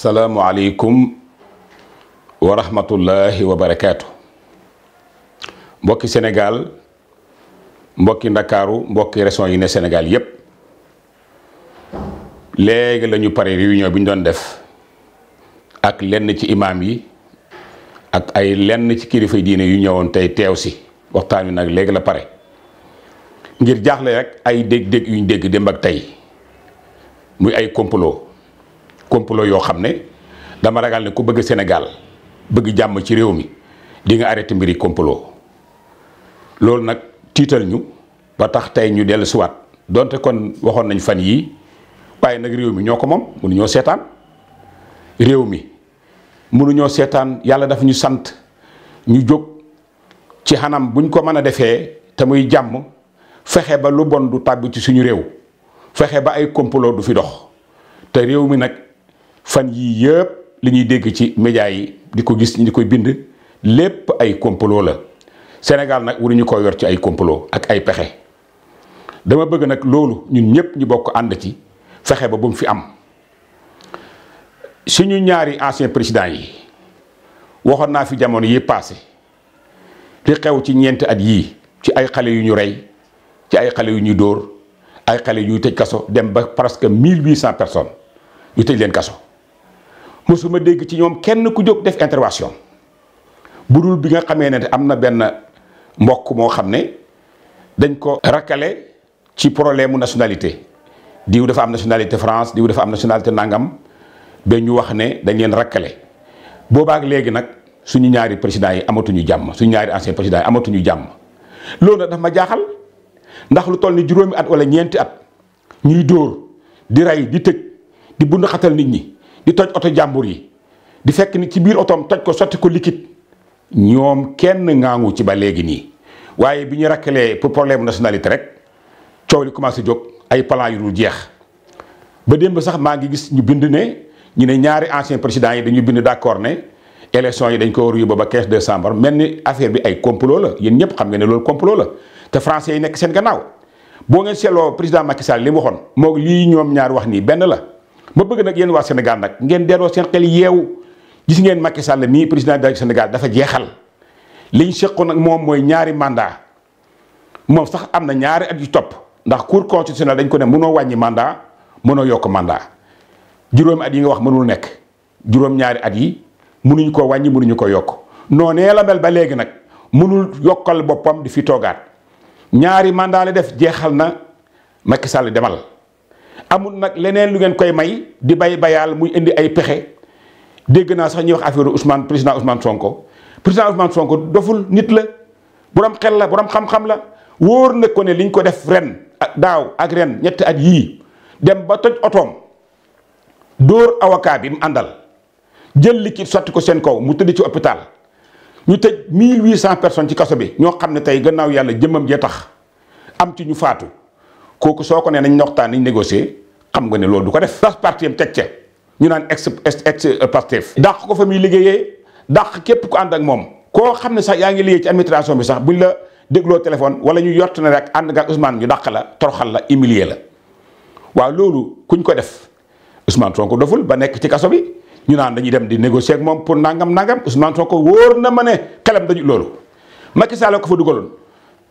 asalaamualeykum wa rahmatullahi wa barakaatu mbokki Sénégal mbokki Ndakaaru mbokki région yi ne Sénégal yépp léegi lañu ñu pare réunion bi ñu doon def ak lenn ci imaam yi ak ay lenn ci kilifa diine yu ñëwoon tey teew si waxtaan wi nag léegi la pare ngir jaaxle rek ay dégg-dégg yu ñu dégg démb ak tey muy ay complot complot yoo xam ne dama ragal ne ku bëgg Sénégal bëgg jàmm ci réew mi dinga nga arrêté mbiri complot loolu nag tiital ñu ba tax tey ñu dellu siwaat donte kon waxoon nañ fan yii waaye nag réew mi ñoo ko moom mënuñoo seetaan réew mi mënuñoo seetaan yàlla dafa ñu sant ñu jóg ci xanam buñ ko mën a defee te muy jàmm fexe ba lu bon du tàbb ci suñu réew fexe ba ay complot du fi dox te réew mi nag fan yii yëpp li ñuy dégg ci médias yi di ko gis ñu koy bind lépp ay complot la Sénégal nag waruñu ko yor ci ay complot ak ay pexe dama bëgg nag loolu ñun ñëpp ñu bokk ànd ci fexe ba bu mu fi am suñu ñaari ancien président yi waxoon naa fi jamono yi passé li xew ci ñeenti at yii ci ay xale yu ñu rey ci ay xale yu ñu dóor ay xale yu tëj kaso dem ba presque mille huit cent personnes yu tëj leen kaso su ma dégg ci ñoom kenn ku jóg def intervention bu dul bi nga xamee ne am na benn mbokk moo xam ne dañ ko rakkale ci problème mu nationalité diw dafa am nationalité France diw dafa am nationalité nangam ba ñu wax ne dañ leen rakkale boobaak léegi nag suñu ñaari présidents yi amatuñu jàmm suñu ñaari ancien présidents yi amatuñu jàmm loolu nag daf ma jaaxal ndax lu toll ni juróomi at wala ñeenti at ñuy dóor di rey di tëj di bund xatal nit ñi di toj oto jàmbur yi di fekk ni ci biir otoom toj ko sotti ko liquide ñoom kenn ngaangu ci ba léegi nii waaye bi ñu rakkalee pour problème nationalité rek coow li commencé jóg ay plan yu dul jeex ba démb sax maa ngi gis ñu bind ne ñu ne ñaari ancien président yi dañu bind d'accord ne élection yi dañ ko war a yóbbu ba 15 décembre mel ni affaire bi ay complot la yéen ñëpp xam nga ne loolu complo la te français yi nekk seen gannaaw boo ngeen seetloo président Macky Sall li mu lii ñoom ñaar wax nii benn la. ma bëgg nag yéen waa Sénégal nag ngeen delloo seen xel yeewu gis ngeen makki Sall mii président de Sénégal dafa jeexal liñ seqoon nag moom mooy ñaari mandat moom sax am na ñaari at yi topp ndax cour constitutionnelle dañ ko ne mënoo wàññi mandat mënoo yokk mandat juróomi yi nga wax mënul nekk juróom at yi mënuñu ko wàññi mënuñu ko yokk noonee la mel ba léegi nag mënul yokkal boppam di fi toogaat ñaari màndaa la def jeexal na makki Sall demal. amul nag leneen lu ngeen koy may di bay bayaal muy indi ay pexe dégg naa sax ñuy wax affaire Ousmane président Ousmane Sonko président Ousmane Sonko doful nit la boroom xel la boroom xam-xam la wóor na ko ne liñ ko def ren daaw ak ren ñetti at yii dem ba toj otoom dóor avocat bi mu àndal jël liquide sotti ko seen kaw mu tëdd ci hôpital ñu tëj cent personnes ci kaso bi ñoo xam ne tey gannaaw yàlla jëmmam jee tax am ci ñu faatu. kooku soo ko nee nañ waxtaan nañ négocier xam nga ne loolu du ko def. ndax parti am teg ca ñu naan ex ex euh, Pastef. dàq ko fa muy liggéeyee daq képp ku ànd ak moom koo xam ne sax yaa ngi liggéey ci administration bi sax buñ la dégloo téléphone wala ñu yott na rek ànd nga ak Ousmane ñu dàq la toroxal la humilier la waaw loolu kuñ ko def Ousmane Sonko doful ba nekk ci kaso bi ñu naan dañuy dem di négocier ak moom pour nangam nangam Ousmane Sonko wóor na ma ne xelam dañu loolu Macky Sall ko fa dugaloon.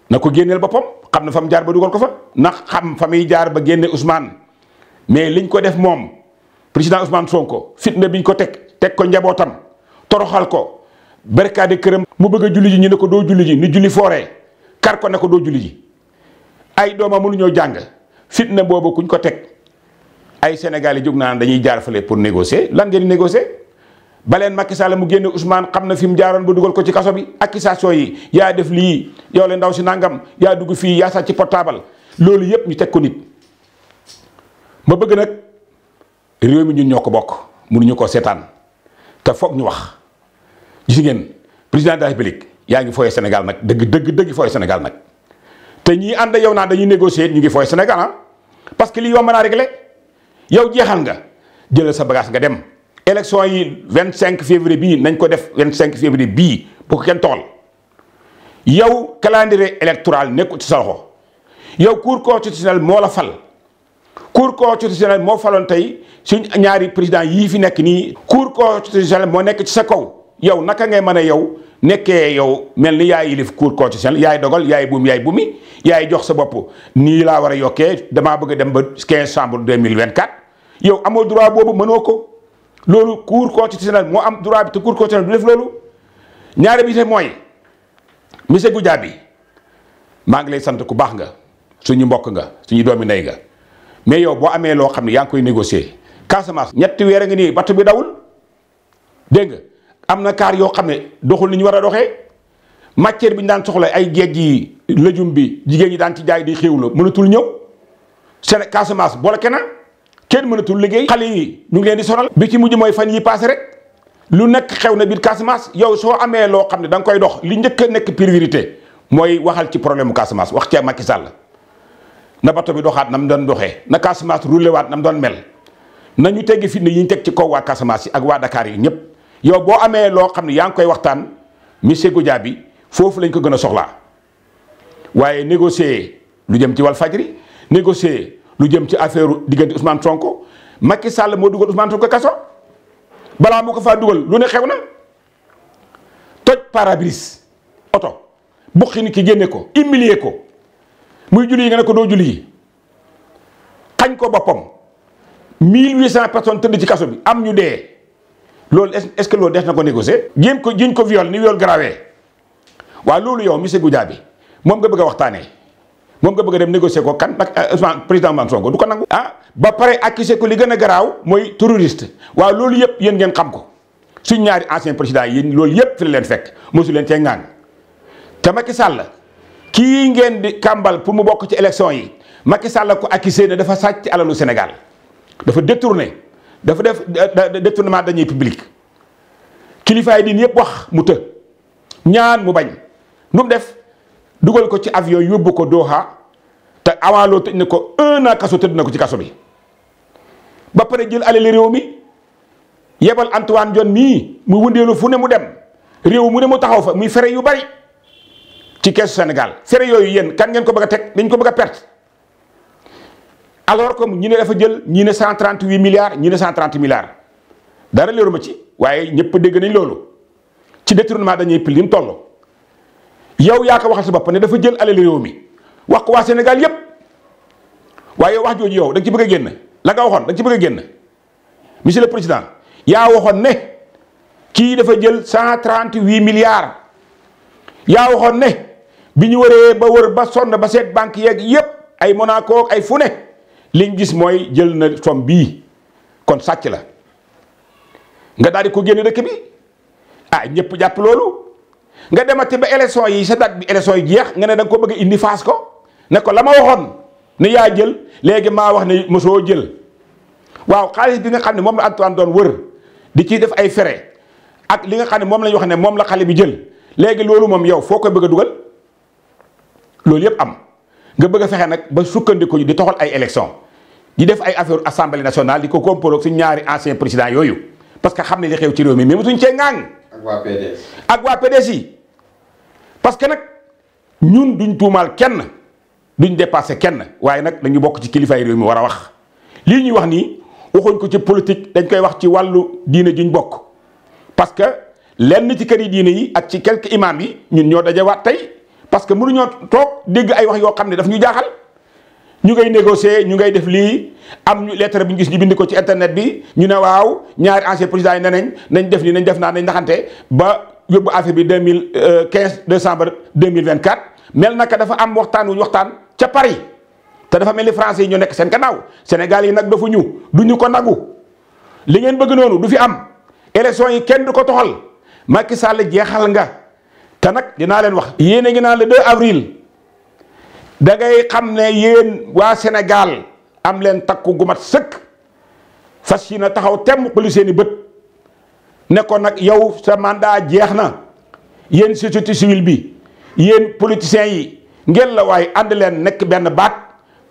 na ko génneel boppam xam na fa mu jaar ba dugal ko fa na xam fa muy jaar ba génne Ousmane mais liñ ko def moom président Ousmane ko fitna biñ ko teg teg ko njabootam toroxal ko barkaade këram. mu bëgg julli ji ñu ne ko doo julli ji ni julli fooree kar ko ne ko doo julli ji ay doomam mënuñoo jàng fitna boobu kuñ ko teg ay Sénégal yi jóg naan dañuy jaar fale pour négocier lan ngeen négocier. baleen Macky Sall mu génne Ousmane xam na fi mu jaaroon ba dugal ko ci kaso bi accusation yi yaa def lii yow le ndaw si nàngam yaa dugg fii yaa sàcc ci portable loolu yépp ñu teg ko nit ma bëgg nag réew mi ñun ñoo ko bokk mënuñu ko seetaan te foog ñu wax gis ngeen président de république yaa ngi fooye Sénégal nag dëgg dëgg dëgg fooye Sénégal nag te ñi ànd yow naa dañuy négocier ñu ngi fooye Sénégal ah parce que lii yomb naa réglé yow jeexal nga jëlal sa bagage nga dem élection yi cinq février bii nañ ko def 25 février bii bu ko kenn toxal yow calendrier électoral nekkul ci sa loxo yow cour constitutionnelle moo la fal cour constitutionnelle moo faloon tey suñ ñaari président yii fi nekk nii. cour constitutionnelle moo nekk ci sa kaw yow naka ngay mën a yow nekkee yow mel ni yaay yilif cour constitutionnelle yaay dogal yaay buum yaay bumi yaay jox sa bopp nii laa war a yokkee damaa bëgg dem ba 15 chambre 2024 yow amoo droit loolu cour constitutionnel moo am droit bi te cour constitutionnel du def loolu ñaare bi te mooy monsieur bi maa ngi lay sant ku baax nga suñu mbokk nga suñu doomi ndey nga mais yow boo amee loo xam ne yaa ngi koy négocier Casamance ñetti weer a ngi nii batt bi dawul dégg nga am na kaar yoo xam ne doxul ni ñu war a doxee matière bi ñu daan soxla ay géej yi lëjum bi jigéen ñi daan ci jaay di xéwlu mënatul ñëw seen Casamance boole keneen kenn mënatul liggéey xale yi ñu ngi leen di sonal bi ci mujj mooy fan yi paase rek lu nekk xew na biir Casamance yow soo amee loo xam ne danga koy dox li njëkk a nekk priorité mooy waxal ci problème mu Casamance wax cee Macky Sall na bato bi doxaat na doon doxee na Casamance roulé waat na doon mel na ñu teggi fitna yi ñu teg ci kaw waa Casamance yi ak waa Dakar yi ñëpp yow boo amee loo xam ne yaa ngi koy waxtaan monsieur Goudiaby foofu lañ ko gën a soxlaa waaye négocier lu jëm ci Walfadjri négocier lu jëm ci affaire diggante Ousmane Sonko Macky Sall moo dugal Ousmane Sonko kaso balaa mu ko faa dugal lu ne xew na toj parabris oto buqi ni ki génne ko humilier ko muy julli yi nga ne ko doo julli yi xañ ko boppam 1800 personnes tëdd ci kaso bi am ñu dee loolu est ce que loolu des na ko négocier. jéem ko jiñ ko viol ni viol grave waaw loolu yow monsieur bi moom nga bëgg a waxtaanee. moom nga bëgg a dem négocier ko kan nag euh, Ousmane président Ousmane Sonko du ko nangu. ah ba pare accuser ko li gën a garaaw mooy terroriste waaw loolu yëpp yéen ngeen xam ko suñ ñaari ancien président yi loolu yëpp fi la leen fekk moo mosu leen cee ngaan te Macky Sall kii ngeen di kàmbal pour mu bokk ci élection yi Macky Sall ko accusé ne dafa sàcc alalu Sénégal dafa détourné dafa def détournement dañuy public kilifaay diin yëpp wax mu të ñaan mu bañ nu mu def. dugal ko ci avion yóbbu ko doo Doha te avant loo tëj na ko un an kaso tëdd na ko ci kaso bi ba pare jël alali réew mi yebal Antoine John mii mu wëndeelu fu ne mu dem réew mu ne mu taxaw fa muy fere yu bari ci keesu Sénégal fere yooyu yéen kan ngeen ko bëgg a teg dañ ko bëgg a perte alors que ñi ne dafa jël ñi ne 138 milliards ñi ne 130 milliards dara leeru ma ci waaye ñëpp dëgg nañ loolu ci détournement dañuy pil li mu toll. yow yaa ko waxal sa bopp ne dafa jël alal réew mi wax ko waa Sénégal yépp waaye wax jooju yow da ci bëgg a génn la nga waxoon da nga ci bëgg a génn monsieur le président yaa waxoon ne kii dafa jël cent trente huit milliards yaa waxoon ne bi ñu waree ba wër ba sonn ba seet banque yeeg yépp ay Monaco ay fu ne liñ gis mooy jël na somme bii kon sàcc la nga daal di ko génne dëkk bi ah ñëpp jàpp loolu. nga demati ba élection yi sa date bi élection yi jeex nga ne da ko bëgg a indi faas ko ne ko la ma waxoon ne yaa jël léegi maa wax ne mosoo jël waaw xaalis bi nga xam ne moom la Antoine di ciy def ay fere ak li nga xam ne moom la wax ne moom la xale bi jël léegi loolu moom yow foo koy bëgg dugal loolu yëpp am nga bëgg fexe nag ba sukkandiku di toxal ay élection di def ay affaire assemblée nationale di ko compolo suñ ñaari ancien président yooyu parce que xam ne li ci réew mi mais mosuñ cee ŋaang. ak waa PDS ak parce que nag ñun duñ tuumaal kenn duñ dépassé kenn waaye nag dañu bokk ci kilifaay réew mi war a wax lii ñuy wax nii waxuñ ko ci politique dañ koy wax ci wàllu diine juñ bokk parce que lenn ci kër yi diine yi ak ci quelques imam yi ñun ñoo dajawaat tey parce que mënuñoo toog dégg ay wax yoo xam ne daf ñu jaaxal ñu ngay négocier ñu ngay def lii am ñu lettre bi ñu gis ñu bind ko ci internet bi ñu ne waaw ñaari ancien président yi ne nañ nañ def nii nañ def naa nañ naxante ba yóbbu affaire bi deux mille euh, quinze décembre deux mille vingt quatre mel naka dafa am waxtaan waxtaan ca Paris te dafa mel ni français yi ñu nekk seen gannaaw Sénégal yi nag dafa ñu du ñu ko nagu li ngeen bëgg noonu du fi am élection yi kenn du ko toxal Macky Sall jeexal nga te nag dinaa leen wax. yéen a ngi naa le 2 avril da ngay xam ne yéen waa Sénégal am leen takku gu mat sëkk fas yi na taxaw temm xuli seen i bët. ne ko nag yow sa mandat jeex na yéen société civile bi yéen politiciens yi ngeen la waaye ànd leen nekk benn baat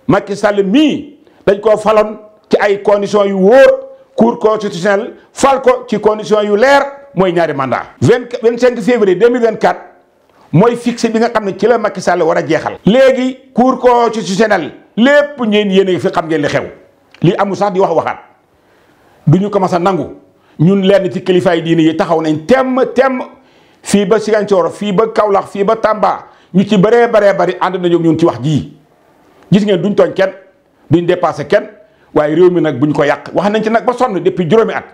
Macky Sall mii dañ koo faloon ci ay conditions yu wóor cour constitutionnelle fal ko ci conditions yu leer mooy ñaari mandat vingt cinq février 2024 mooy fixé bi nga xam ne ci la Macky Sall war a jeexal léegi cour constitutionnelle lépp ñeen yéen a fi xam ngeen li xew lii amul sax di wax waxaat du ñu commencé nangu ñun lenn ci kilifaay diine yi taxaw nañ temm temm fii ba Ziguinchor fii ba Kaolack fii ba Tamba ñu ci bëree baree bari ànd nañu ñun ci wax jii gis ngeen duñ tooñ kenn duñ dépassé kenn waaye réew mi nag buñ ko yàq wax nañ ci nag ba sonn depuis juróomi at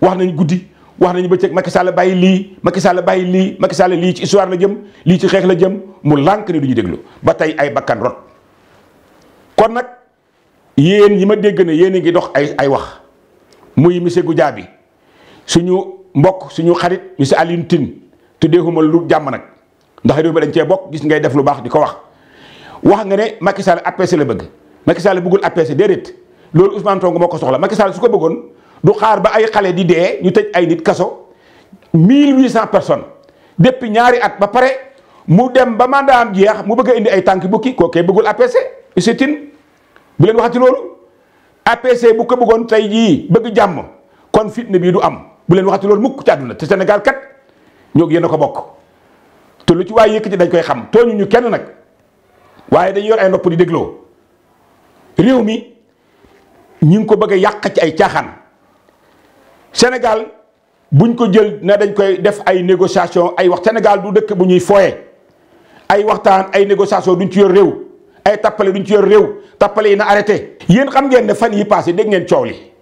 wax nañ guddi wax nañ bëccëg Macky Sall bàyyi lii Macky bàyyi lii Macky Sall ci histoire la jëm lii ci xeex la jëm mu lànk ne du déglu ba tey ay bakkan rot kon nag yéen yi ma dégg ne yéen a ngi dox ay ay wax muy monsieur Goudiaby suñu mbokk suñu xarit ñu si monsieur Alioune Tine tuddeekuma lu jàmm nag ndax réew ma dañ cee bokk gis ngay def lu baax di ko wax wax nga ne Macky Sall APC la bëgg Macky Sall bëggul APC déedéet loolu Ousmane Sonko ko soxla Macky su ko bëggoon du xaar ba ay xale di dee ñu tëj ay nit kaso 1800 personnes depuis ñaari at ba pare mu dem ba mandat am jeex mu bëgg a indi ay tànk bukki koo koy bëggul APC monsieur Tine bu leen waxati loolu APC bu ko bëggoon tey jii bëgg jàmm kon fitna bii du am. bu leen waxati loolu mukk ci àdduna te Sénégal kat ñoo yéen a ko bokk te lu ci waay yëkkati dañ koy xam tooñu ñu kenn nag waaye dañuy yor ay nopp di dégloo réew mi ñu ngi ko bëgg a yàq ci ay caaxaan Sénégal buñ ko jël ne dañ koy def ay négociation ay wax senegal du dëkk bu ñuy fooye ay waxtaan ay négociation duñ ci yor réew ay tappale duñ ci yor réew tappale yi na arrêté. yéen xam ngeen ne fan yi passé dégg ngeen coow li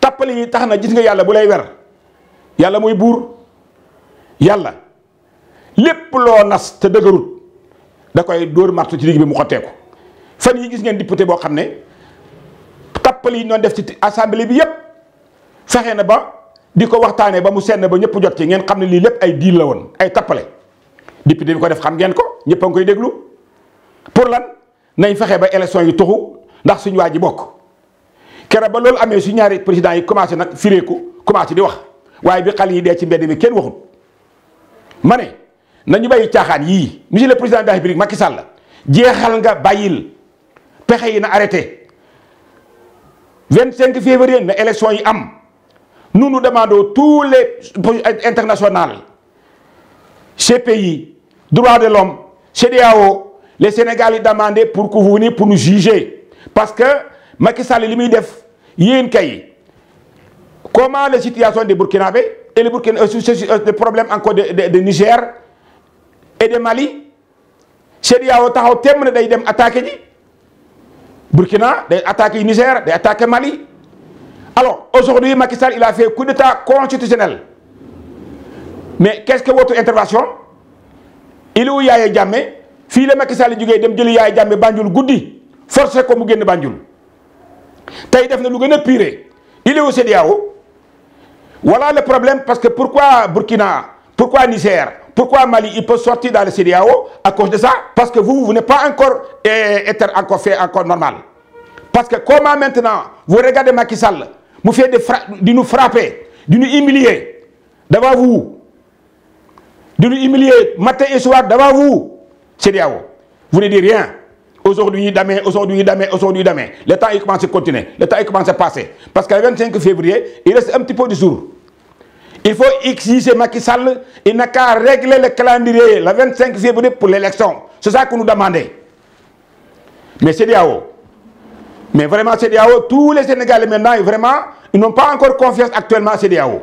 tappale yi tax na gis nga yàlla bu lay wer. yàlla mooy buur yàlla lépp loo nas te dëgërut da koy dóor martu ci digg bi mu xottee ko fan yi gis ngeen député boo xam ne tappal yi noonu def ci assemblée bi yépp fexe na ba di ko waxtaanee ba mu senn ba ñëpp jot ci ngeen xam ne lii lépp ay diil la woon ay tappale député bi ko def xam ngeen ko ñëpp a ngi koy déglu pour lan nañ fexe ba élection yi tuxu ndax suñu waa ji bokk kere ba loolu amee su ñaari président yi commencé nag fireeku commencé di wax waaye bi xale yi de ci mbedd mi kenn waxut ma ne nañu bàyyi caaxaan yii monsieur le président de la république Macky Sall jeexal nga bàyyil pexe yi na arrêté 25 février na élection yi am nous nous demandons tous les internationales CPI droits de l'homme CEDEAO les Sénégalais o pour sénégal vous venez pour pour nu juger parce que Macky Sall li muy def yéen kay. comment la situation des Burkinabés et le, Burkina, le euh, euh, problème encore de, de, de Niger et de Mali CEDEAO taxaw temm ne day dem attaque ji Burkina day attaqué Niger day attaqué Mali alors aujourd'hui Macky Sall il a fait coup constitutionnel mais quest que votre intervention il ou Yaya Jammeh fii la Macky Sall jógee dem jëli Yaya Jammeh Banjul guddi forcé ko mu génn Banjul tey def na lu gën a pire il est au CEDEAO Voilà le problème, parce que pourquoi Burkina, pourquoi Niger, pourquoi Mali, il peut sortir dans le CEDEAO à cause de ça Parce que vous, vous venez pas encore et, eh, être encore normal. Parce que comment maintenant, vous regardez Macky Sall, vous faites de, nous frapper, de nous humilier matin et soir vous, CEDEAO. Vous ne dites rien. aujourd'hui demain aujourd'hui demain aujourd'hui demain le temps il commence à continuer le temps il commence à passer parce que le 25 février il reste un petit peu de jours il faut exiger Macky il n'a qu'à régler le calendrier le 25 février pour l'élection c'est ça que nous demandons mais CEDEAO mais vraiment CEDEAO tous les Sénégalais maintenant vraiment ils n'ont pas encore confiance actuellement à CEDEAO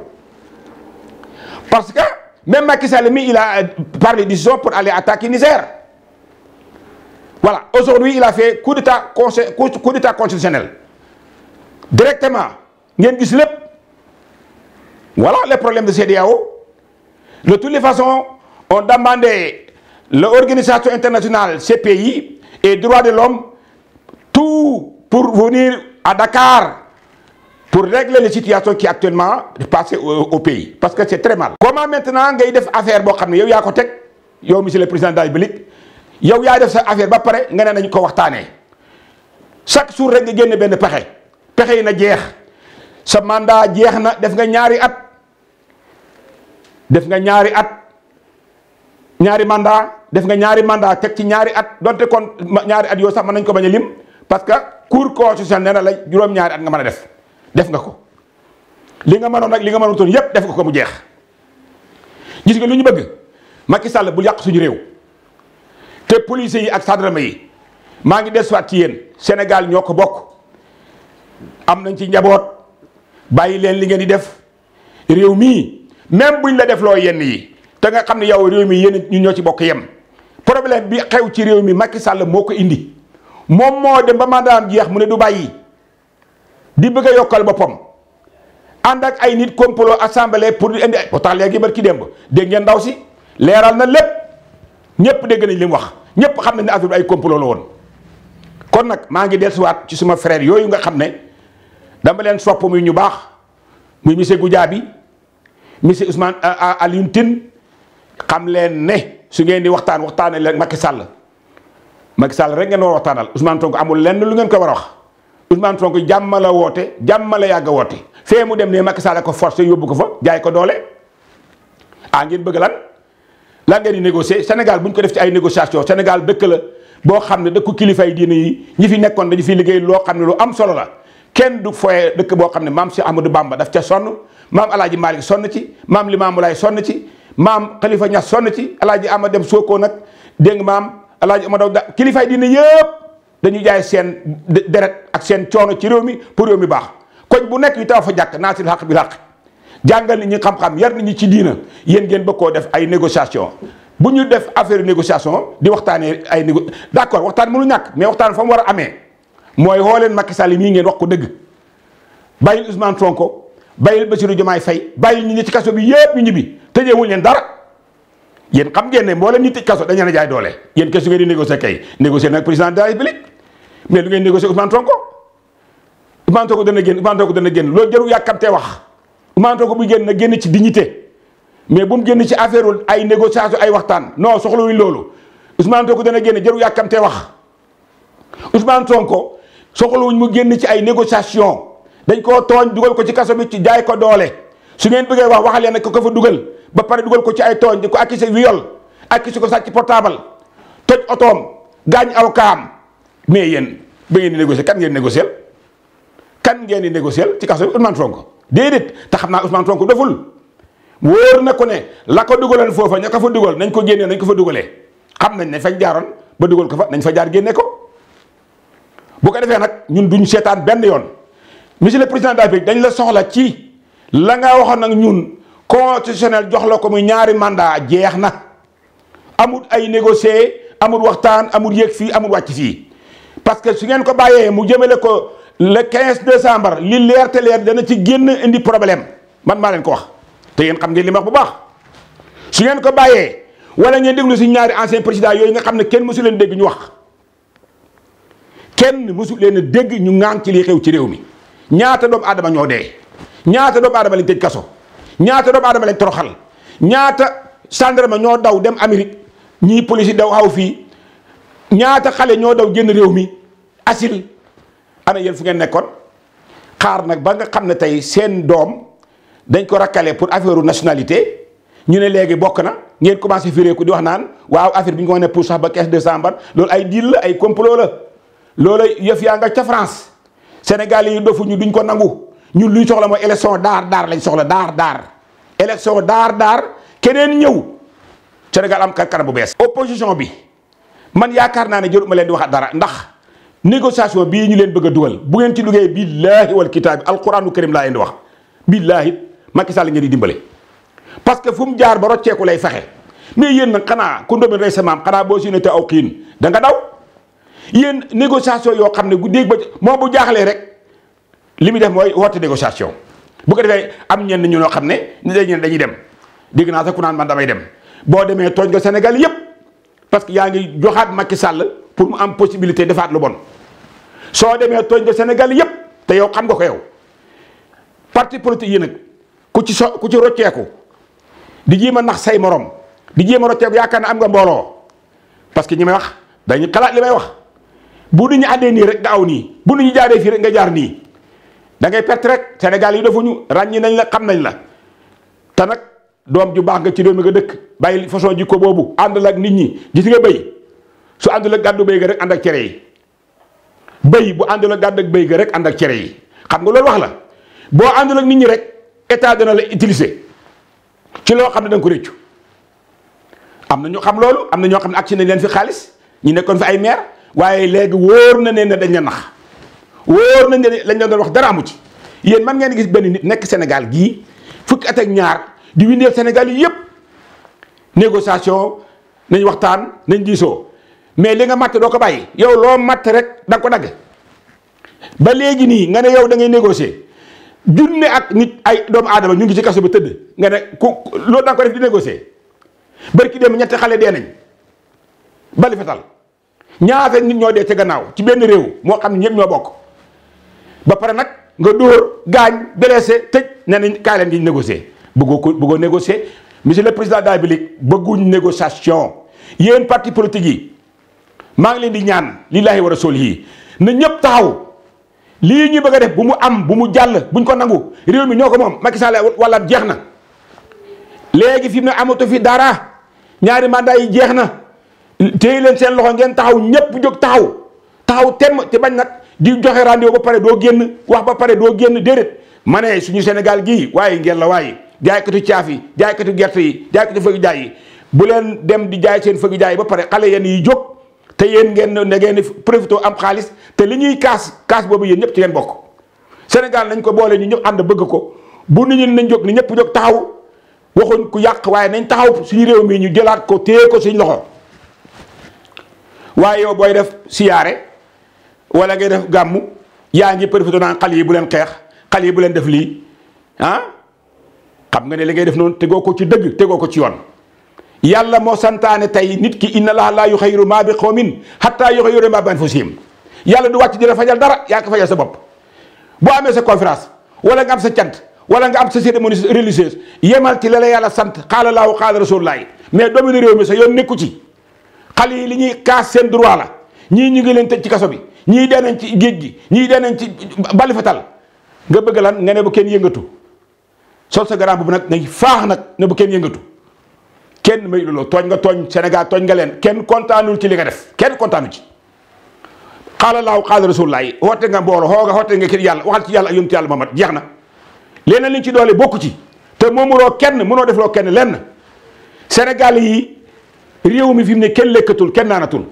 parce que même Macky Sall mi il a parlé du son pour aller attaquer Niger Voilà, aujourd'hui il a fait coup d'état coup d'état constitutionnel directement ngeen gis lépp voilà le problème de CEDEAO de toutes les façons on demandait l'organisation internationale CPI et droits de l'homme tout pour venir à Dakar pour régler les situations qui actuellement passent au, au pays parce que c'est très mal. comment maintenant ngay def affaire boo xam ne yow yaa ko teg yow monsieur le président de la yow yaa def sa affaire ba pare nga ne nañ ko waxtaanee chaque jour rek nga génne benn pexe pexe yi na jeex sa mandat jeex na def nga ñaari at def nga ñaari at ñaari mandat def nga ñaari mandat teg ci ñaari at donte kon ñaari at yoo sax mën nañ ko bañ a lim parce que cour constitutionnelle nee na la juróom-ñaari at nga mën a def def nga ko li nga mënoon nag li nga mënoon toon yépp def nga ko mu jeex gis nga lu ñu bëgg Macky Sall bu yàq suñu réew. te policiers yi ak gendarme yi maa ngi desuwaat ci yéen Sénégal ñoo ko bokk am nañ ci njaboot bàyyi leen li ngeen di def réew mii même buñ la def loo yenn yi te nga xam ne yow réew mi yéen ñu ñoo ci bokk yem problème bi xew ci réew mi Macky sàll moo ko indi moom moo dem ba mandaam jeex mu ne du bàyyi di bëgg a yokkal boppam ànd ak ay nit complot assemblée pour di indi ay pourtant léegi barki démb dégg ngeen ndaw si leeral na lépp. ñëpp dégg nañ li wax ñëpp xam nañ ne affaire bi ay complot la woon. kon nag maa ngi dellusiwaat ci suma frère yooyu nga xam ne dama leen sopp muy ñu baax muy monsieur Goudiaby monsieur Ousmane euh, euh, Alioune Tine xam leen ne su ngeen di waxtaan waxtaanee leen Macky Sall Macky Sall rek ngeen war a waxtaanal Ousmane Sonko amul lenn lu ngeen ko war a wax Ousmane Sonko jàmm la woote jàmm la yàgg a woote. fee mu dem ne Macky Sall ko forcé yóbbu ko fa jaay ko doole ah ngeen bëgg lan. la ngeen di négocier Sénégal bu ñu ko def ci ay négociation Sénégal dëkk la boo xam ne dëkku kilifay diine yi ñi fi nekkoon dañu fi liggéey loo xam ne loo am solo la kenn du foye dëkk boo xam ne maam si Amadou Bamba daf ca sonn maam alaaji Malick sonn ci maam Limaamu Laay sonn ci maam Khalifa Niass sonn ci alaaji ama dem Soko nag dégg maam alaaji ama daw da kilifay diine yëpp dañu jaay seen deret ak seen coono ci réew mi pour réew mi baax koñ bu nekk yu taw fa jàkk naa si xaq bi xaq jàngal nit ñi xam-xam yar nit ñi ci diina yéen ngeen bëgg koo def ay négociation bu ñu def affaire négociation di waxtaanee ay négo d' accord waxtaan mënu ñàkk mais waxtaan fa mu war a amee mooy woo leen Macky Sall ngeen wax ko dëgg bàyyil Ousmane Sonko bàyyil Bassirou Diomaye Faye bàyyil ñu ne ci kaso bi yëpp ñu ñibbi tëjee wuñ leen dara yéen xam ngeen ne mboolem ñu tëj kaso dañ leen a jaay doole yéen kese ngeen di négocier kay négocier nag président de la république mais lu ngeen négocier Ousmane Sonko Ousmane dana génn Ousmane Sonko dana génn loolu jarul yàkkamtee wax Ousmane Sonko bu génn na génn ci dignité mais bu génn ci affaire ay négociation ay waxtaan non soxlawuñ loolu Ousmane Sonko dana génn jëru yàkkamtee wax Ousmane Sonko soxlawuñ mu génn ci ay négociation dañ koo tooñ dugal ko ci kaso bi ci jaay ko doole su ngeen bëggee wax waxal leen ko ko fa dugal ba pare dugal ko ci ay tooñ di ko accusé viol accusé ko ci portable toj otoom gaañ aw kaam mais yéen ba ngeen di négocier kan ngeen di négocier kan ngeen di négocier ci kaso bi Ousmane ko déedéet te xam naa Ousmane Sonko deful wóor na ko ne la ko dugaloon foofa ña ko fa dugal nañ ko génne nañ ko fa dugalee xam nañ ne fañ jaaroon ba dugal ko fa nañ fa jaar génne ko bu ko defee nag ñun duñ seetaan benn yoon monsieur le président de la dañ la soxla ci la nga waxoon nag ñun constitutionnel jox la ko muy ñaari mandat jeex na amul ay négocier amul waxtaan amul yéeg fii amul wàcc fii parce su ngeen ko bàyyee mu jëmale ko le 15 décembre li leer te dana ci génn indi problème man maa leen ko wax te yéen xam ngeen li ma wax bu baax su ngeen ko bàyyee wala ngeen déglu si ñaari ancien président yooyu nga xam ne kenn mësu leen dégg ñu wax kenn mësu leen a dégg ñu ŋaan ci li xew ci réew mi ñaata doomu aadama ñoo dee ñaata doomu aadama lañ tëj kaso ñaata doomu aadama lañ toroxal ñaata gendarme ñoo daw dem Amérique ñii police yi daw xaw fii ñaata xale ñoo daw génn réew mi asil ana yéen fu ngeen nekkoon xaar nag ba nga xam ne tey seen doom dañ ko rakkale pour affaire nationalité ñu ne léegi bokk na ngeen commencé firéeku di wax naan waaw affaire bi ñu ko mën a pour sax ba 15 décembre loolu ay deal ay complot la loola yëf yaa nga ca France Sénégal yi dofuñu duñ ko nangu ñun luñ soxla mooy élection daar daar lañ soxla daar daar élection daar daar keneen ñëw Sénégal am kar kar bu bees opposition bi man yaakaar naa ne jëruma leen di wax dara ndax négociation bii ñu leen bëgg a dugal bu ngeen ci liggéey billaahi wal kitaabi alquraanu karim laa leen di wax billaahi Macky Sall ngeen di dimbale parce que fu mu jaar ba rocceeku lay fexe mais yéen nag xanaa ku ndomi rey sa maam xanaa boo si te aw xiin da nga daw yéen négociation yoo xam ne bu dégg ba moom bu jaaxlee rek li muy def mooy woote négociation bu ko defee am ñenn ñu noo xam ne ni dañuy dem dégg naa sax naan man damay dem boo demee tooñ nga Sénégal yépp parce que yaa ngi joxaat Macky Sall pour mu am possibilité defaat lu bon soo demee tooñ nga Sénégal yépp te yow xam nga ko yow parti politique yi nag ku ci so ku ci rocceeku di jéem a nax say morom di jéem a rocceeku yaakaar na am nga mbooloo parce que ñi may wax dañu xalaat li may wax bu nit ñi àndee nii rek nga aw nii bu nit ñi jaaree fii rek nga jaar nii da ngay perte rek Sénégal yi ñu ràññi nañ la xam nañ la te nag doom ju baax nga ci réew mi nga dëkk bàyyi façon jikko boobu àndal ak nit ñi gis nga béy su àndul ak gàddu rek ànd ak cere yi. béy bu àndul ak gàdd ak béy ga rek ànd ak cere yi xam nga loolu wax la boo àndul ak nit ñi rek état dana la utiliser ci loo xam ne da ko réccu am na ñu xam loolu am na ñoo xam ne ak si nañ leen fi xaalis ñu nekkoon fi ay maire waaye léegi wóor na neen ne dañ la nax wóor nañ ne lañ leen doon wax dara amu ci yéen man ngeen gis benn nit nekk Sénégal gii fukki at ak ñaar di windeel Sénégal yi yëpp négociation nañ waxtaan nañ diisoo mais li nga matt doo ko bàyyi yow loo matt rek da ko dagg ba léegi nii nga ne yow da ngay négocier junne ak nit ay doomu aadama ñu ngi ci kaso bi tëdd nga ne ku loo da nga ko def di négocier barki ñetti xale dee nañ bali fetal ñaata nit ñoo dee ca gannaaw ci benn réew moo xam ne ñoo bokk ba pare nag nga dóor gaañ blessé tëj ne nañ kaay leen di négocier bëggoo ko bëggoo négocier monsieur le président de la République bëgguñ négociation yéen parti politique yi. maa ngi leen di ñaan lillaahi sol yii na ñëpp taxaw lii ñuy bëgg a def bu mu am bu mu jàll buñ ko nangu réew mi ñoo ko moom Macky Sall wala jeex na léegi fi mu ne amatu fi dara ñaari mandat yi jeex na téye leen seen loxo ngeen taxaw ñëpp jóg taxaw taxaw temm te bañ nag di joxe rendez ba pare doo génn wax ba pare doo génn déedéet ma ne suñu Sénégal gii waaye ngeen la waaye jaaykatu caaf yi jaaykatu gerte yi jaaykatu fëgg jaay yi bu leen dem di jaay seen fëgg jaay ba pare xale yeen yi jóg te yéen ngeen ne ngeen di profité am xaalis te li ñuy kaas kaas boobu yéen ñëpp ci ngeen bokk Sénégal nañ ko boole ñu ñëpp ànd bëgg ko bu nit ñi nañ jóg ni ñëpp jóg taxaw waxuñ ku yàq waaye nañ taxaw suñu réew mii ñu jëlaat ko téye ko suñ loxo waaye yow booy def siyaare wala ngay def gàmmu yaa ngi profité naan xale yi bu leen xeex xal yi bu leen def lii ah xam nga ne li ngay def noonu tegoo ko ci dëgg tegoo ko ci yoon. yàlla moo santaane tey nit ki inna laa laa yuxayyiru maa bi qawmin hattaa yuxayyiru maa bi anfusihim yàlla du wàcc di la fajal dara yaa ko fajal sa bopp boo amee sa conférence wala nga am sa cant wala nga am sa cérémonie religieuse yemal ci la yàlla sant xaala laahu xaala rasulullahi mais doomu réew mi sa yoon nekku ci xale yi li ñuy kaas seen droit la ñii ñu ngi leen tëj ci kaso bi ñii dee nañ ci géej gi ñii dee nañ ci bali fatal nga bëgg lan nga bu kenn yëngatu sol sa garaam bu nag ngay faax nag ne bu kenn yëngatu kenn may luloo tooñ nga tooñ Sénégal tooñ nga leen kenn kontaanul ci li nga def kenn kontaanu ci xaala laaw xaala rasulullah yi xoote nga mbooloo xooga xoote nga kii yàlla waxal ci yàlla ak yonent yàlla Muhammad jeex na leneen liñ ci doole bokku ci te moo mënoo kenn mënoo defloo kenn lenn Sénégal yi réew mi fi mu ne kenn lekkatul kenn naanatul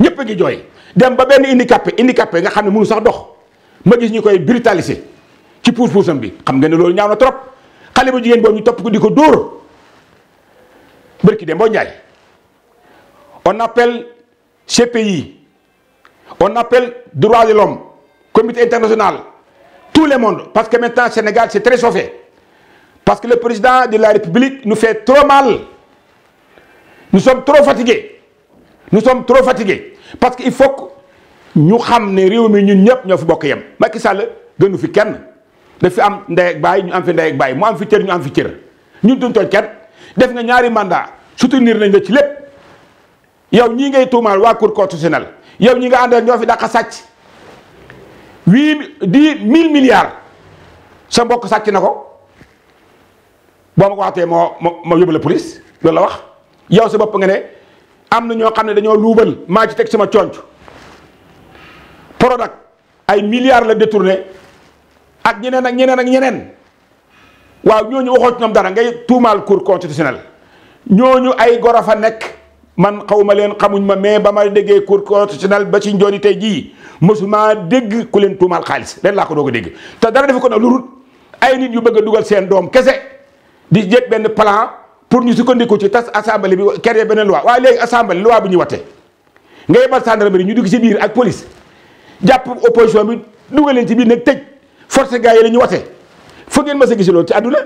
ñëpp a ngi jooy dem ba benn handicapé handicapé nga xam ne mënu sax dox ma gis ñu koy brutaliser ci puus puusam bi xam nga ne loolu ñaaw na trop xale bu jigéen boobu ñu topp ko di ko dóor bërki de Mbodj Ndiaye on appelle CPI on appelle droit de l'homme comité international tout les monde parce que maintenant Sénégal c'est très chauffé parce que le président de la République nous fait trop mal nous sommes trop fatigués nous sommes trop fatigués parce que il faut que ñu xam ne réew mi ñun ñëpp ñoo fi bokk yem Macky Sall gënu fi kenn daf am ndey ak baay ñu am fi ndey ak baay mu am fi cër ñu am fi cër ñun duñ tooñ kenn def nga ñaari manda soutenir nañ la ci lépp yow ñii ngay tuumaal waa cour constitutionnelle yow ñi nga àndal ñoo fi dàq sàcc huit dix mille milliards sa mbokk sàcc na ko boo ma ko waxtee moo moo yóbbu la police loolu la wax yow sa bopp nga ne am na ñoo xam ne dañoo luubal maa ci teg sama conc Prodac ay milliards la détourné ak ñeneen ak ñeneen ak ñeneen waaw ñooñu waxoo ci ñoom dara ngay tuumaal cour ñoo ñu ay gor a fa nekk man xaw ma leen xamuñ ma mais ba ma déggee cour constitutionnelle ba ci njooni tey jii mosuma dégg ku leen tuumaal xaalis leen laa ko doo a dégg te dara defe ko nag lu rut ay nit ñu bëgg dugal seen doom kese di jët benn plan pour ñu sukkandiku ci tas assemblée bi créer beneen loi waaye léegi assemblée loi bu ñuy watee ngay yebal gendarmerie ñu dugg ci biir ak police jàpp opposition bi dugal leen ci biir nag tëj force gars yi la ñu watee fa ngeen mas a gis loolu ci àdduna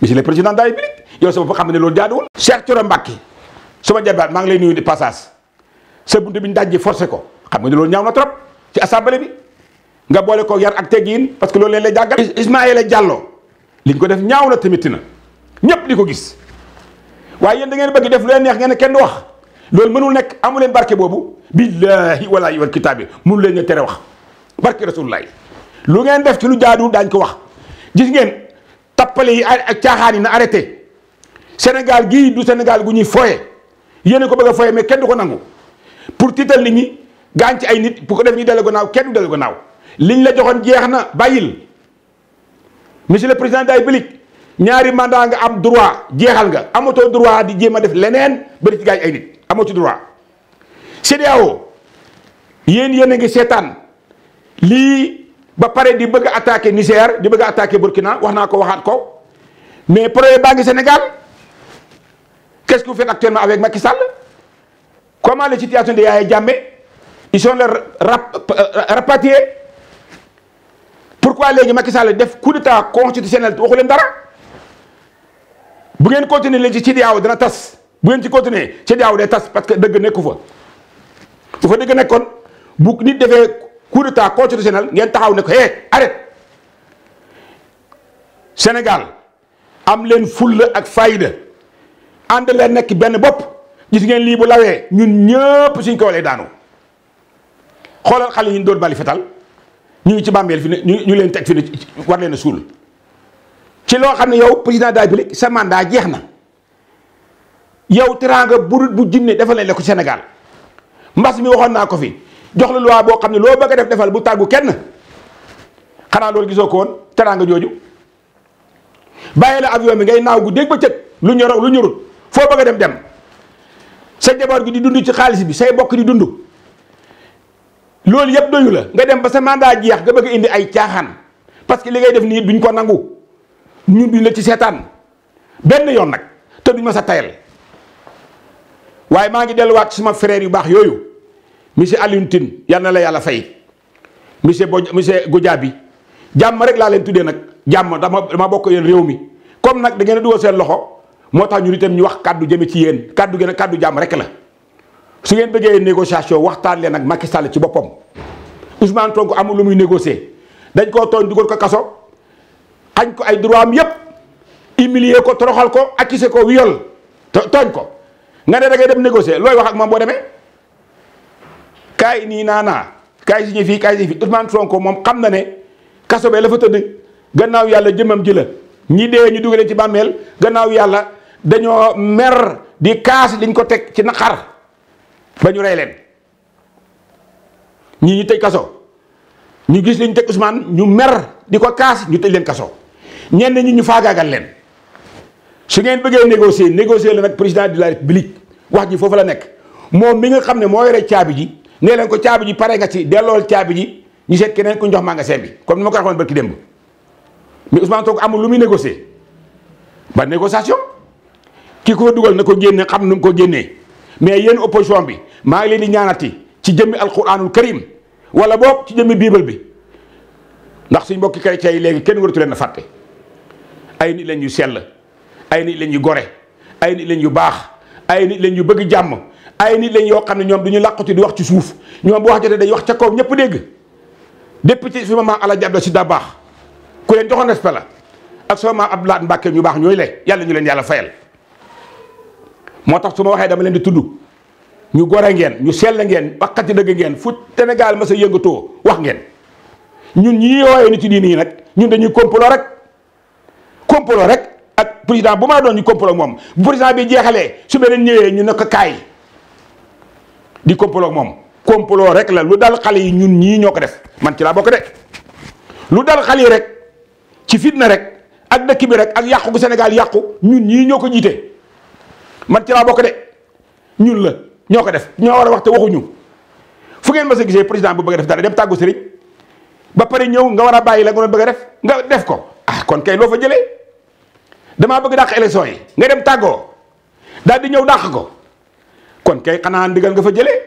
monsieur le président de la république yow sama fa xam ne loolu jaaduwul. Cheikh Thioro Mbacké sama jarbaat maa ngi lay nuyu di passage sa buntu bi ñu forcé ko xam nga ne loolu ñaaw na trop ci assemblée bi nga boole ko yar ak teggiin parce que loolu leen lay jàngal. Ismaïla Diallo liñ ko def ñaaw na tamit na ñëpp di ko gis waaye yéen da ngeen bëgg def lu leen neex ngeen kenn du wax loolu mënul nekk amu leen barke boobu billaahi walaahi wal kitaabi mënu leen ñu tere wax barke rasulullahi lu ngeen def ci lu jaaduwul daañ ko wax. gis ngeen tappale yi ak caaxaan yi na arrêté Sénégal gii du Sénégal gu ñuy foye yéen ko bëgg a foye mais kenn du ko nangu pour tiital li ñi gaañ ci ay nit bu ko def ñu dale gannaaw kenn du dale gannaaw liñ la joxoon jeex na bàyyil monsieur le président de la République ñaari mandat nga am droit jeexal nga amatoo droit di jéem a def leneen bëri ci gaañ ay nit amoo ci droit CEDEAO yéen yéen a ngi seetaan lii ba pare di bëgg a attaqué Niger di bëgg a Burkina wax naa ko waxaat ko mais projet baa ngi Sénégal qu'est-ce que vous faites actuellement avec Macky comment la situation de Yaya Jammeh ils rap euh, rapatriés pourquoi léegi Macky Sall def coup d'état constitutionnel waxu leen dara bu ngeen continuer léegi ci diyaaw dana tas bu ngeen ci continuer ci diyaaw tas parce que dëgg nekku fa bu fa dëgg nekkoon bu nit defee. coup d'état constitutionnel ngeen taxaw ne ko hé senegal am leen fulla ak fayda ànd leen nekk benn bopp gis ngeen lii bu lawee ñun ñëpp suñ ko walee daanu xoolal xale yi ñu doon fetal ñu ngi ci bàmmeel fi ne ñu leen teg fi ne war leen a suul ci loo xam ne yow président de la République jeex na yow teraanga bu bu jinne defal leen ko Sénégal mbas mi waxoon naa ko fi. jox la loi boo xam ne loo bëgg a def defal bu tàggu kenn xanaa loolu gisoo ko woon teraanga jooju bàyyi la avion bi ngay naaw gu dégg ba cëg lu ñoro lu ñorut foo bëgg a dem dem sa jabar gi di dund ci xaalis bi say bokk di dund loolu yëpp doyu la nga dem ba sa mandaa jeex nga bëgg a indi ay caaxaan parce que li ngay def nii duñ ko nangu ñu duñ la ci seetaan benn yoon nag te duñ ma sa tayal waaye maa ngi delluwaat suma frère yu baax yooyu monsieur Alioune Tine la yàlla fay monsieur Bo monsieur Goudiaby jàmm rek laa leen tuddee nag jàmm dama dama bokk yéen réew mi comme nag da ngeen a dugal seen loxo moo tax ñun itam ñu wax kàddu jëme ci yéen kàddu gën kàddu jàmm rek la su ngeen bëggee négociation waxtaan leen ak Macky Sall ci boppam Ousmane Sonko amul lu muy négocier dañ koo tooñ dugal ko kaso xañ ko ay droit am yépp ko toroxal ko accuser ko viol tooñ ko nga ne da ngay dem négocier looy wax ak moom boo demee kaay nii naa naa kaay si ñu fii kaay si fii Ousmane Sonko moom xam na ne kaso bee la fa tëdd gannaaw yàlla jëmmam ji la ñi dee ñu dugalee ci bàmmeel gannaaw yàlla dañoo mer di kaas liñ ko teg ci naqar ba ñu rey leen ñii ñu tëj kaso ñu gis liñ teg Ousmane ñu mer di ko kaas ñu tëj leen kaso ñenn ñi ñu faagaagal leen su ngeen bëggee négocier négocier la nag président de la république wax ji foofu la nekk moom mi nga xam ne moo yore caabi ji nee ko caabi ji pare nga ci dellool caabi ji ñu seet keneen ku ñu jox magasin bi kon ni ma ko waxoon barki démb mais Ousmane Sonko amul lu muy négocier ba négociation ki ko dugal na ko génne xam nu mu ko génnee mais yéen opposition bi maa ngi leen di ñaanati ci jëmmi alquranul karim wala boog ci jëmmi biibal bi ndax suñ mbokki chrétien yi léegi kenn waratu leen a fatte ay nit lañ yu sell ay nit lañ yu gore ay nit lañ yu baax ay nit lañ yu bëgg jàmm. ay nit lañ yoo xam ne ñoom du ñu làqatu di wax ci suuf ñoom bu wax jotee day wax ca kaw ñëpp dégg député suma maam Alaaji Abdu Si Dabaax ku leen joxoon respect la ak suma maam Abdu ñu baax ñooy le yàlla ñu leen yàlla fayal moo tax su ma waxee dama leen di tudd ñu gore ngeen ñu sell ngeen waxati dëgg ngeen fu Sénégal ma sa yëngatoo wax ngeen ñun ñi wooyee nit ci diini yi nag ñun dañuy complot rek complot rek ak président bu maa doon ñu complot moom bu président bi jeexalee su beneen ñëwee ñu ne ko di complot moom complot rek la lu dal xale yi ñun ñii ñoo ko def man ci laa bokk de lu dal xale yi rek ci fitna rek ak dëkk bi rek ak yàqu gu Sénégal yàqu ñun ñii ñoo ko jiite man ci laa bokk de ñun la ñoo ko def ñoo war a wax te waxuñu fu ngeen ma a gisee président bu bëgg def dara dem tàggu sëriñ ba pare ñëw nga war a bàyyi la nga doon bëgg a def nga def ko ah kon kay loo fa jëlee damaa bëgg dàq élection yi nga dem tàggoo daal di ñëw dàq ko. kon kay xanaa ndigal nga fa jëlee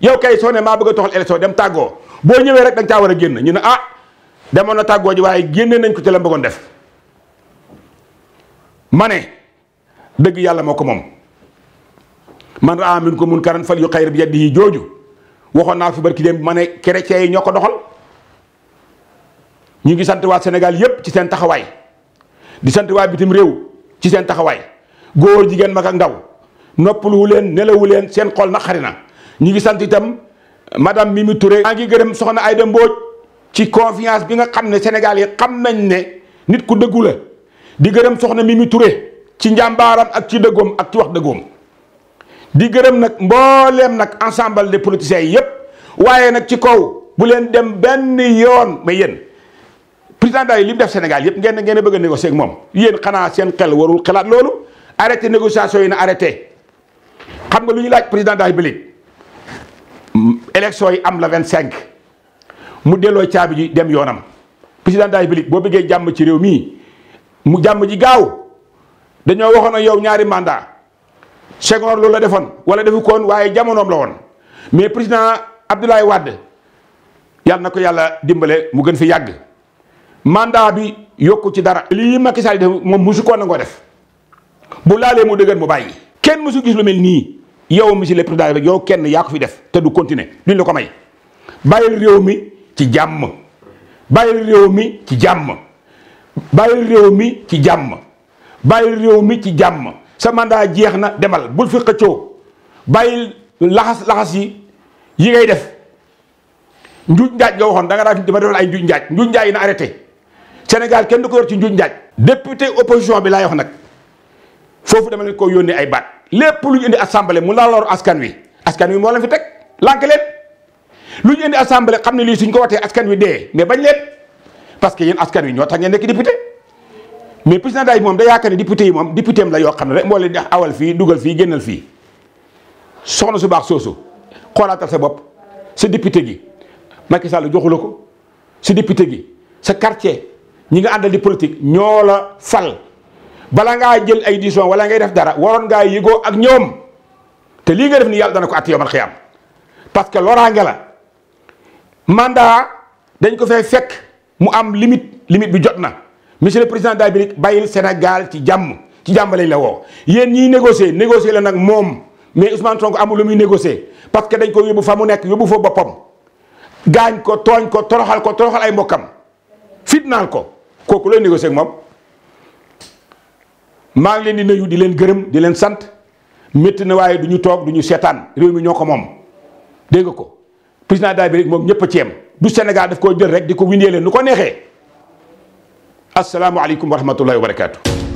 yow kay soo ne maa bëgg a toxal élection dem tàggoo boo ñëwee rek da nga caa war a génn ñu ne ah demoon na tàggoo ji waaye génne nañ ko ci la bëggoon def ma ne dëgg yàlla moo ko moom man ko minkum munkaran fal yughayyir bi yadihi jooju waxoon naa fi barki dem ma ne chrétien yi ñoo ko doxal ñu ngi sant waa senegal yépp ci seen taxawaay di sant waa bitim réew ci seen taxawaay góor jigéen mag ak ndaw noppaluwu leen nelawu leen seen xol na xari na ñu ngi sant itam madame Mimi Touré. a ngi gërëm soxna ay Aïda Mbodj ci confiance bi nga xam ne Sénégal yi xam nañ ne nit ku dëggu la di gërëm soxna Mimi ture ci njàmbaaram ak ci dëggoom ak ci wax dëggoom di gërëm nag mbooleem nag ensemble des politiciens yi yépp waaye nag ci kaw bu leen dem benn yoon mais yéen président daal li mu def Sénégal yépp ngeen ngeen bëgg a négocier moom yéen xanaa seen xel warul xalaat loolu arrêté négociation yi na arrêté xam nga lu ñu laaj président de la République yi am la cinq mu delloo caabi ji dem yoonam président de la boo bëggee jàmm ci réew mii mu jàmm ji gaaw dañoo waxoon ak yow ñaari mandat Senghor loolu la defoon wala defukoon waaye jamonoom la woon mais président Abdoulaye Wade yàlla na ko yàlla dimbale mu gën fi yàgg mandat bi yokku ci dara. lii Macky Sall def moom musu ko nangoo def bu laalee mu dëgër mu bàyyi. kenn musu gis lu mel nii yow monsieur le président yow kenn yaa ko fi def te du continuer duñ la ko may bàyyil réew mi ci jàmm bàyyil réew mi ci jàmm bàyyil réew mi ci jàmm bàyyil réew mi ci jàmm sa jeex na demal bul fi xëccoo bàyyil laxas laxas yi yi ngay def njuuj njaaj nga waxoon da nga daan defal ay njuuj njaaj njuuj njaaj yi na arrêté Sénégal kenn du ko yor ci njuuj njaaj député opposition bi laay wax nag foofu dama leen ko yónnee ay baat lépp lu ñu indi assemblée mu laa lor askan wi askan wi moo leen fi teg lànk leen lu ñu indi assemblée xam ne lii suñ ko watee askan wi dee mais bañ leen parce que yéen askan wi ñoo tax ngeen nekk député mais président daay moom da yaakaar ne député yi moom député am la yoo xam ne rek moo leen di awal fii dugal fii génnal fii soxna su baax soosu xoolaatal sa bopp sa député gi Macky Sall joxu la ko si député gi sa quartier ñi nga àndal di politique ñoo la fal. balaa ngaa jël ay décision wala ngay def dara waroon ngaa yëgoo ak ñoom te lii nga def ni yàlla dana ko àtt yomal xiyam parce que loraange la mandat dañ ko fay fekk mu am limite limite bi jot na monsieur le président de la République bàyyil Sénégal ci jàmm ci jàmm lañ la woo yéen ñiy négocier négocier la nag moom mais Ousmane Sonko amul lu muy négocier parce que dañ ko yóbbu fa mu nekk yóbbu fa boppam gaañ ko tooñ ko toroxal ko toroxal ay mbokkam fitnaal ko kooku looy négocier ak moom. maa ngi leen di nuyu di leen gërëm di leen sant métti na waaye du ñu toog du ñu seetaan réew mi ñoo ko moom dégg nga ko président daal bi rek moom ñëpp a ci yem du Sénégal daf koo jël rek di ko windee leen nu ko neexee asalaamualeykum wa rahmatullahi wa barakaatu.